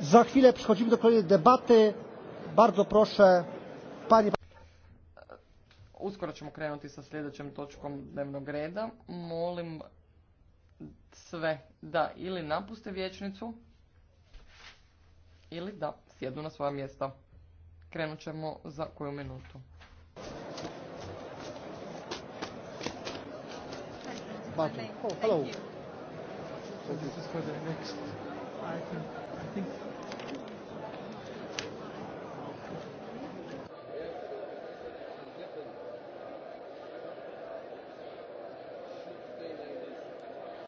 Za chwilę przechodzimy do kolejnej debaty. Bardzo proszę pani... Uskoro ćemo krenuti sa sljedećom točkom dnevnog reda. Molim sve da ili napuste vječnicu ili da sjednu na svoja mjesta. Krenut ćemo za koju minutu.